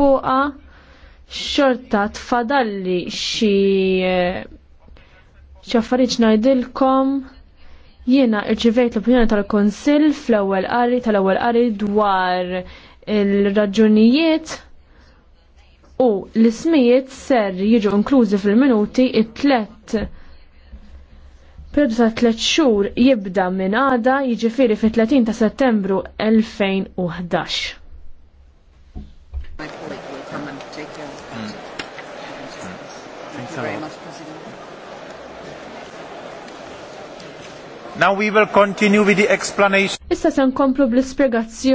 fuqa xorta tfadalli xi ċaffariċ eh, najdilkom jiena irċivejt l-opinjoni tal-Konsil fl-ewwel qari tal-ewwel qari dwar il-raġunijiet u l-ismijiet ser jiġu inklużi fil-minuti it-tlet Perdu ta' tlet xhur jibda minn għada jiġifieri fit-30 ta' Settembru 2011 take care of the Mm. Mm. Thank you very much, President. Now we will continue with the explanation. Issa se nkomplu bl-ispjegazzjoni.